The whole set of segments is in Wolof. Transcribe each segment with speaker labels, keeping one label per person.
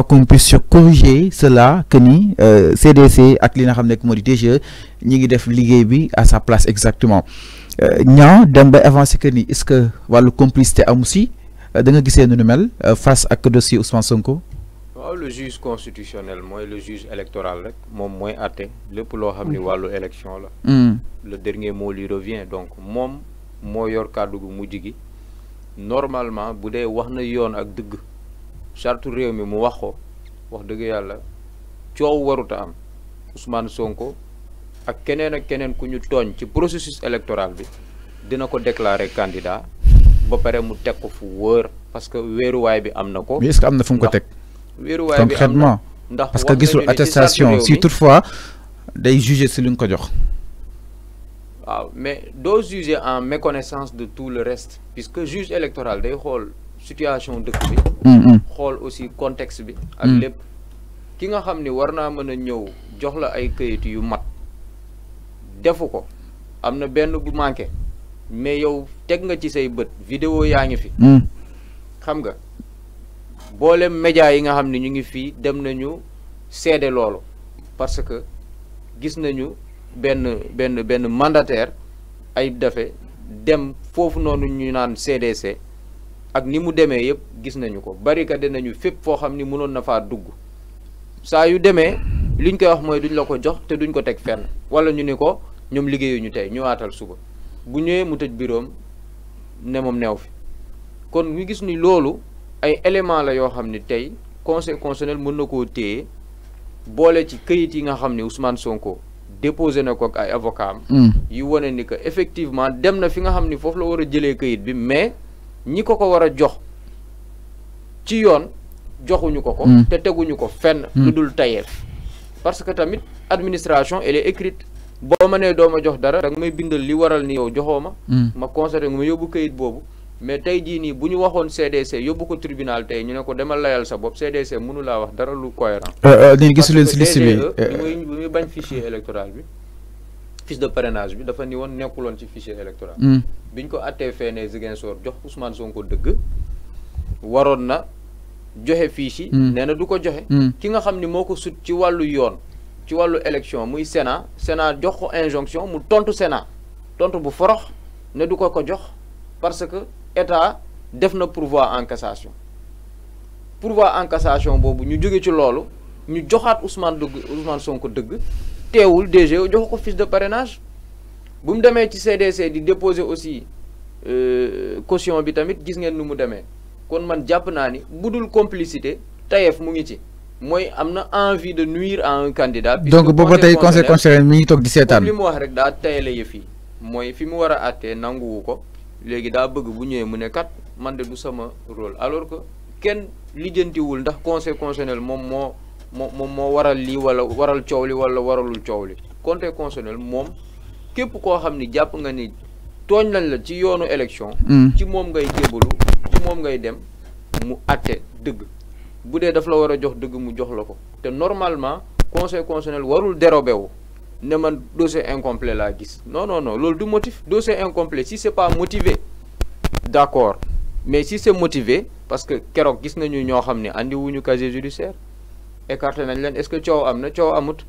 Speaker 1: qu'on puisse corriger cela que ni CDC euh, ak li nga xamné nekk moo e, ñi ngi def bi à sa place exactement euh, ñaa dem avant ce que ni est-ce que walu complicité am aussi euh, da nga gisé ñu mel face ak dossier Ousmane Sonko.
Speaker 2: le juge constitutionnel moi le juge électoral rek mom moy até lepp lo xam walu élection la. Hmm. le dernier mot lui revient donc mom moi, yor kàddu gu normalement bu dee wax na yoon ak charte réew mi mu wax ko wax deug yalla ciow waruta am Ousmane Sonko ak keneen ak keneen ku ñu togn ci processus électoral bi dina ko déclarer candidat ba paré mu tek ko fu wër parce que wëru way bi am na ko. mais est-ce que amna na fu mu ko teg. wéeruwaay bi concrètement ndax parce que gisul attestation si
Speaker 1: toutefois day juger ci li ko jox.
Speaker 2: waaw mais doo juger en méconnaissance de tout le reste puisque juge électoral day xol situation dëkk bi. Mm-hmm. xool aussi contexte bi. ak mm-hmm. lépp ki nga xam ni war naa mën a ñëw jox la ay këyit yu mat defu ko am na benn bu manqué mais yow teg nga ci say bët vidéo yaa ngi fi. Mm-hmm. xam nga boolem média yi nga xam ni ñu ngi fii dem nañu seede loolu parce que gis nañu benn benn benn mandataire ay dafe dem foofu noonu ñu naan CDC. ak ni mu demee yëpp gis nañu ko barricade nañu fépp foo xam ni mënoon na faa dugg saa yu demee liñ koy wax mooy duñ la ko jox te duñ ko teg fenn wala ñu ni ko ñoom liggéeyuñu tey ñu ñëwaatal suba bu ñëwee mu tëj biroom ne moom neew fi kon ñu gis ni loolu ay élément la yoo xam ni tey conseil constitutionnel mën na koo téye boole ci këyit yi nga xam ni Ousmane Sonko déposé na ko ay avocat am. Mm. yu ni que effectivement dem na fi nga xam ni foofu la war a jëlee këyit bi mais. ñi ko ko war a jox ci yoon joxuñu ko ko mm. te teguñu ko fenn lu mm. dul tayeef parce que tamit administration elle est écrite boo ma nee doo ma jox dara danga may bindal li waral ni yow joxoo ma mm. ma constaté nga ma yóbbu kayit boobu mais tey jii nii bu ñu waxoon CDC yóbbu ko tribunal tey ñu ne ko demal layal sa bopp CDC mënu laa wax dara lu cohérent. léegi euh, euh, gisu leen si liste bi parce euh, muy bañ fichier électoral bi. fiche de parrainage bi dafa ni woon nekkuloon ci fichier électoral. Hmm. bi ñu ko attee fee ne Ziguinchor jox Ousmane Sonko dëgg waroon na joxe fiche yi. Hmm. nee na du ko joxe. Hmm. ki nga xam ni moo ko sut ci wàllu yoon ci wàllu élection muy Sénat Sénat jox ko injonction mu tontu sena tontu bu forox ne du ko ko jox parce que état def na pourvoi en cassation encassation boobu ñu jóge ci loolu ñu joxaat Ousmane dëgg Ousmane ko dëgg. teewul DG jox ko fils de parrainage bu mu demee ci CDC di déposer aussi euh, caution bi tamit gis ngeen nu mu demee kon man japp naani budul complicité tayef mu ngi ci moy amna envie de nuire à un candidat. donc bobo tey conseil constitutionnel
Speaker 1: mi ngi toog di seetaan. li wax
Speaker 2: rek daa tayale yëf yi fi mu wara a nangou ko légui da bëgg bu ñëwé mu né kat man de du sama rôle alors que kenn wul ndax conseil constitutionnel mom mo moo moom waral li wala waral ciowli wala waralul coow li conseil constitutionnel moom képp koo xam ni nga ni togn lañ la ci yoonu élection mm. ci mom ngay jébalu mom ngay dem mu àtte deug bu dee daf la wara jox deug mu jox lako té normalement conseil constitutionnel warul dérobé wu ne man dossier incomplet la gis non non non lolou du motif dossier incomplet si c'est pas motivé d'accord mais si c'est motivé parce que kérok gis nañu ño xamni andi wuñu casier judiciaire écarté nañ leen est-ce que coow am na coow amut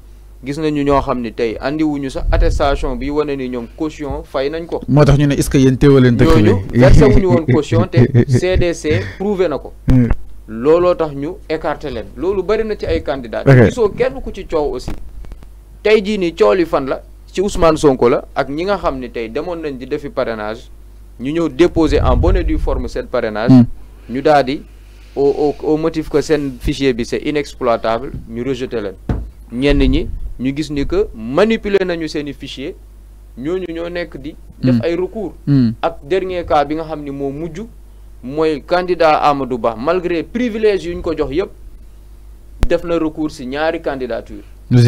Speaker 2: gis nañu ñoo xam ne tey andiwuñu sax attestation bi wane ni ñoom caution fay nañ ko. moo tax ñu ne est-ce que yéen
Speaker 1: teewoo leen. dëkk ñooñu versé wuñu woon caution te
Speaker 2: CDC prouvé na ko. Hmm. looloo tax ñu écarté leen loolu bari na ci ay candidats. gisoo kenn ku ci coow aussi. tey jii nii coow li fan la ci Ousmane Sonko la ak ñi nga xam ne tey demoon nañ di defi parrainage ñu ñëw déposé en bonne et forme seen parrainage. Hmm. ñu daal au au motif que ces fichier c'est inexploitable ñu rejeté Nous ñenn ñi ni que manipuler nañu fichier des hmm. recours. Hmm. dernier cas candidat malgré recours candidature. nous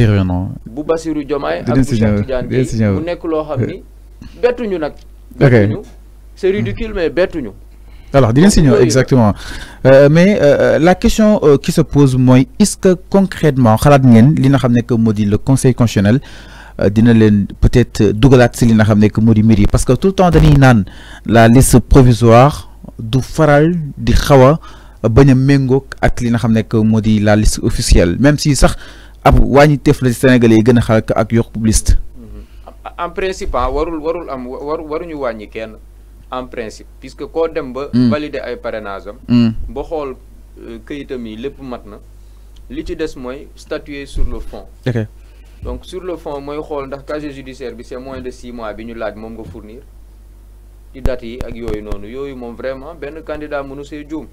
Speaker 2: y Diomaye c'est hmm. ridicule mais
Speaker 1: alors dinañ si ñëw exactement euh, mais euh, euh, la question qui se pose moi, est-ce que concrètement xalaat ngeen li nga xam que moo le conseil constitutionnel dina leen peut-être dugalaat si li nga xam que moo Miri parce que tout le temps dañuy naan la liste provisoire du faral di xaw a bañ a méngoog ak li que moo la liste officielle même si sax ab wàññi teef le Sénégalais yi gën a xalaat ak yokk liste.
Speaker 2: Mm-hmm. en principe ah, warul warul am waruñu wàññi kenn en principe puisque ko dem ba. Hmm. valider ay parrainage am. Hmm. ba xol euh, kayitam yi lepp matna li ci dess moy statuer sur le fond. donc sur le fond moy xol ndax casier judiciaire bi c'est moins de six mois bi ñu laaj mom nga fournir ci date yi ak yoyu nonu yoyu mom vraiment ben candidat mënu see joom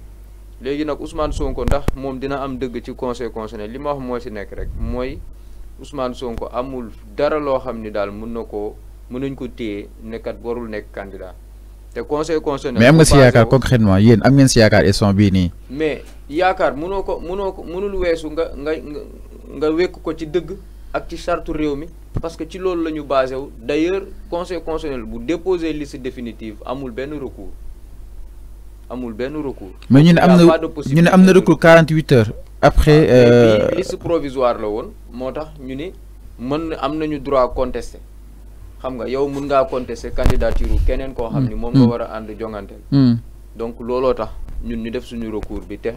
Speaker 2: légui nak Ousmane Sonko ndax mom dina am deug ci conseil constitutionnel li ma wax moy si nek rek moy Ousmane Sonko amul dara lo xamni dal daal mën na mën ko téye nekkat warul nek candidat te conseil constitutionnel. mais si Yakar
Speaker 1: concrètement yéen am ngeen si ils sont bii
Speaker 2: mais Yakar, mënoo ko mënoo ko mënul weesu nga nga nga gars ko ci dëgg ak ci chartu réew parce que ci l'as le ñu basé wu conseil constitutionnel vous déposer liste définitive amul benn recours amul benn recours. mais il na recours
Speaker 1: 48 heures. après ah, euh,
Speaker 2: liste provisoire la woon moo tax ni mën amne nous droit contester. xam nga yow mun ngaa contester candidature keneen koo xam ni mm. moom nga mm. war a ànd jongante mm. donc looloo tax ñun ñu def suñu recours bi te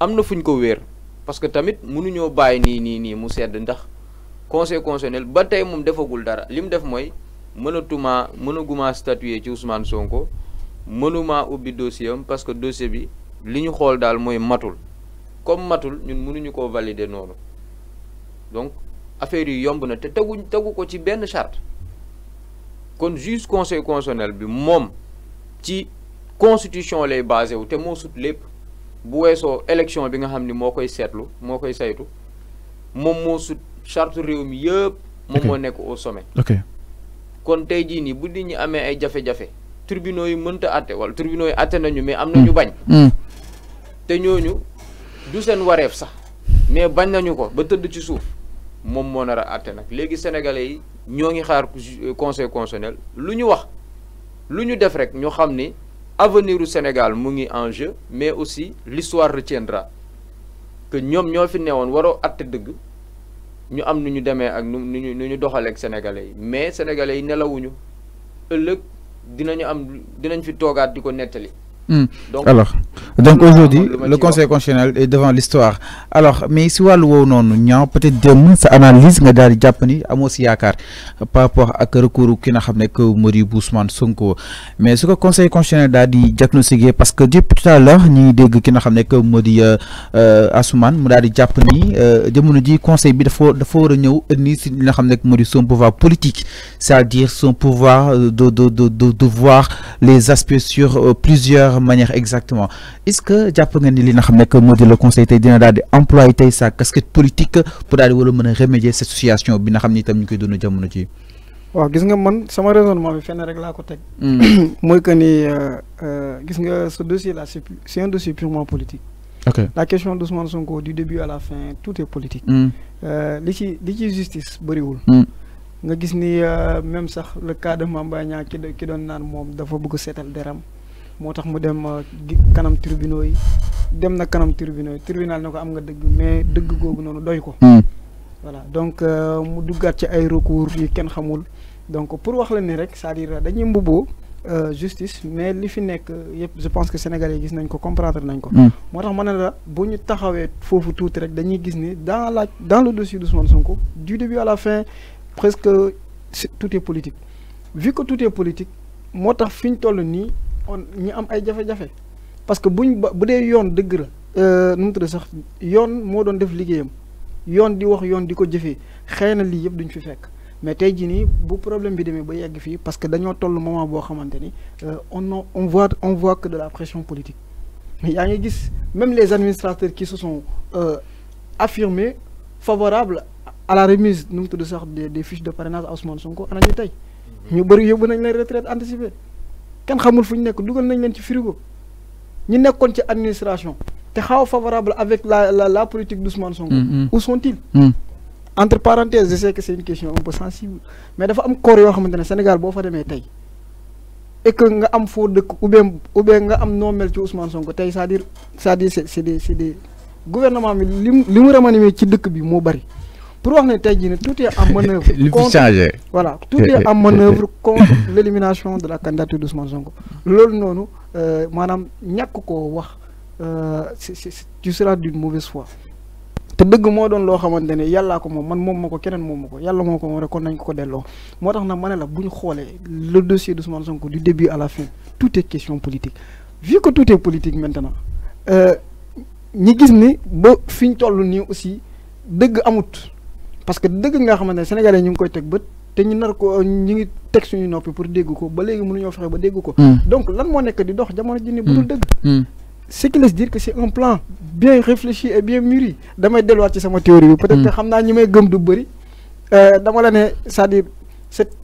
Speaker 2: am na fu ñu ko wéer parce que tamit ñoo bàyyi nii nii nii mu sedd ndax conseil constitutionnel ba tey moom defagul dara li mu def mooy mënatuma mënaguma statuer ci Ousmane Sonko mënuma ubbi dossier am parce que dossier bi li ñu xool daal mooy matul comme matul ñun mënuñu koo valider noonu donc affaire yi yomb na te teguñ tegu ko ci benn charte kon juge conseil constitutionnel bi constitution lay basé te bu bi nga charte réew mi au sommet. kon tey jii ñi amé ay jafé jafé tribunaux yi mënta est wala tribunaux yi nañu mais amna ñu bañ. Mm. te du sen waréf sax mais bañ nañu ko ba ci sénégalais ñoñi xaar conseil constitutionnel luñu wax luñu def rek ñu xamni avenir du Sénégal mu ngi en jeu mais aussi l'histoire retiendra que ñom ñoo fi waro waroo atte dëgg ñu am nu ñu demee ak nu ñu nu ñu sénégalais mais sénégalais yi nelawuñu ëlëk dinañu am dinañ fi togaat diko ko Hmm. Donc, Alors,
Speaker 1: donc aujourd'hui, le Conseil constitutionnel est devant l'histoire. Alors, mais si vous non, peut-être demain, ça analyse nga dal japonais aussi à yakar par rapport à recours que xamné que Mori Ousmane Sonko. Mais ce que Conseil constitutionnel a dit, diagnostiquer parce que depuis tout à l'heure ñi dégg ki nga xamné que Mori euh Assoumane mu dal di dit euh le conseil bi dafa dafa nous ñëw indi ci xamné que Mori son pouvoir politique, c'est-à-dire son pouvoir euh, de de de, de voir les aspects sur euh, plusieurs manière exactement est-ce que jàpp nga ni li nga xam le conseil tey dina daal di employé sa casquette politique pour aller au war remédier cette situation bi nga xam ni itam ñu koy dund jamono ci
Speaker 3: waaw gis nga man sama raisonnement bi fenn rek la ko tek hmm. moy que ni euh, euh, gis nga ce dossier là c'est un dossier purement politique. ok la question d'Ousmane Sonko du début à la fin tout est politique. Hmm. Euh, li ci li ci justice wul hmm. nga gis ni même sax le cas de Mame Mbaye Niang ki ki doon naan dafa bëgg sétal deram motax mu dem euh, kanam tribunaux yi dem na kanam tribunaux yi tribunal nako am nga deug mais deug gogou nonou doy ko hmm. voilà donc euh, mu duggaat ci ay recours yi ken xamul donc pour wax la ni rek c'est-à-dire euh, dañuy mbubboo justice mais li fi nek yëpp je pense que sénégalais gis nañ ko comprendre nañ ko hmm. motax tax ma ne la bu ñu taxawee foofu rek dañuy gis ni dans la dans le dossier d'Ousmane Sonko du début à la fin presque tout est politique vu que tout est politique motax fiñ fi ni on ñu am ay jafé, jafé, parce que buñ bu dee yoon dëgg la euh, nu mu tudd sax yoon mo doon def ligéyam yoon di wax yoon diko jëfé jëfee li na duñ fi fekk mais tey jii bu problème bi demee ba yegg fi parce que dañoo toll moment bo xamanténi euh on on voit on voit que de la pression politique mais ya ngi gis même les administrateurs qui se sont euh, affirmés favorables à la remise nous mu sax des des fiches de parrainage à Ousmane Sonko ana ñu tey ñu bëri yóbbu nañ la retraite anticipée kan xamul fu nek nekk dugal nañ len ci frigo ñi nekkon ci administration té xaw favorable avec la la la politique d'Ousmane Sonko. Mm-hmm. où sont-ils. Mm. entre parenthèses je sais que c'est une question un peu sensible mais dafa am cor yo xamantene Sénégal bo fa démé tay et que nga am fo deuk ou bien ou bien nga am noo mel ci Ousmane Sonko tay c'est-à-dire c'est-à-dire c'est des c'est des gouvernement bi limu mu li ci deuk bi mo bari pour wax ne tout est en manœuvre. contre. voilà tout est en manœuvre contre l'élimination de la candidature d' Ousmane Sonko. loolu euh, maanaam ñàkk koo wax euh, est tu seras d' mauvaise foi. te deug mo doon lo xamantene yalla ko mom man mom mako kenen mom mako yalla moko yàlla rek kon nañ ko ko delloo moo tax nag ma ne la le dossier d'Ousmane Sonko du début à la fin tout est question politique vu que tout est politique maintenant euh, ñi gis ni bo fiñ ñu ni aussi deug amut. parce que dëgg nga xamante ne sénégalais ñu ngi koy teg bët te ñu nar ko ñu ngi teg suñu noppi pour dégg ko ba léegi mënuñoo fexe ba dégg ko. Hmm. donc lan moo nekk di dox jamono ji ni budul hmm. dëgg. Hmm. ce qui laisse dire que c'est un plan bien réfléchi et bien mûri damay delluwaat ci sama théorie bi. peut-être xam naa ñi may gëm du bëri euh, dama la ne cest à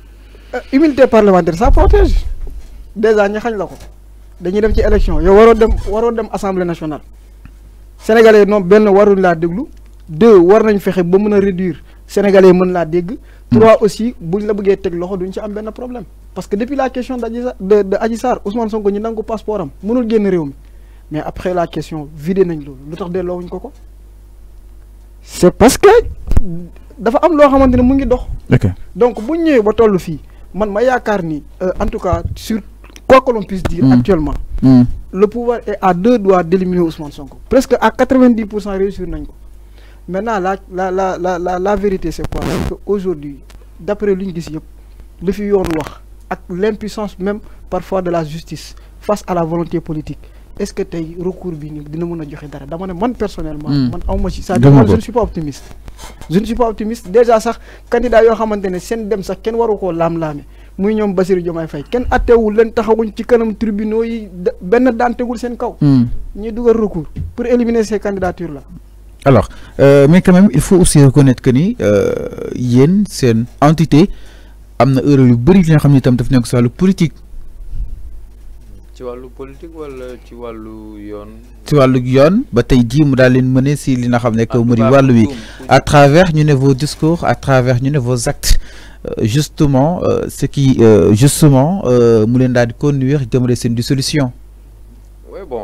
Speaker 3: Euh, immunité parlementaire ça protège déjà ñi xañ lako dañuy dem ci élection yow waro dem waro dem assemblée nationale sénégalais non ben waru la déglu deux war nañ fexé ba mëna réduire sénégalais mëna la dégg. trois aussi buñ la bëggé teg loxo duñ ci am ben problème parce que depuis la question d' Adji de de Adji Sarr Ousmane Sonko ñu nangu passeport mënul génn réew mi mais après la question vidé nañ loolu lu tax delloowuñ ko ko c'est parce que dafa am lo xamante mu ngi dox. donc bu ñëwee ba tollu fii man ma euh, en tout cas sur quoi que l'on puisse dire hmm. actuellement hmm. le pouvoir est à deux doigts d'éliminer Ousmane Sonko presque à 90 réussir maintenant la vérité c'est quoi aujourd'hui d'après l'Union, le gis ont fi l'impuissance même parfois de la justice face à la volonté politique est-ce que tay recours bi dina mëna a joxe dara dama né man personnellement. Hmm. man awma ci ça je ne suis pas optimiste. je ne suis pas optimiste déjà sax candidat yo xamantene sen dem sax ken waruko lam lamé muy ñom basir Bassirou fay ken atté wu leen taxawuñ ci kanam tribunaux yi ben danté tegul sen kaw. Hmm. ñuy dugal recours pour éliminer ces candidatures là.
Speaker 1: alors euh, mais quand même il faut aussi reconnaître que ni euh, yeen sen entité amna na erreur yu bari li nga xamni tam daf nekk si politique
Speaker 2: ci wàllu politique wala ci wàllu yoon.
Speaker 1: ci wàllu yoon ba tey jii mu daal leen mëne si li nga xam ne que mu di wi à travers ñu ne vos discours à travers ñu ne vos actes euh, justement euh, ce qui euh, justement mu leen daal di conduire jëmale seen di solution.
Speaker 2: oui bon.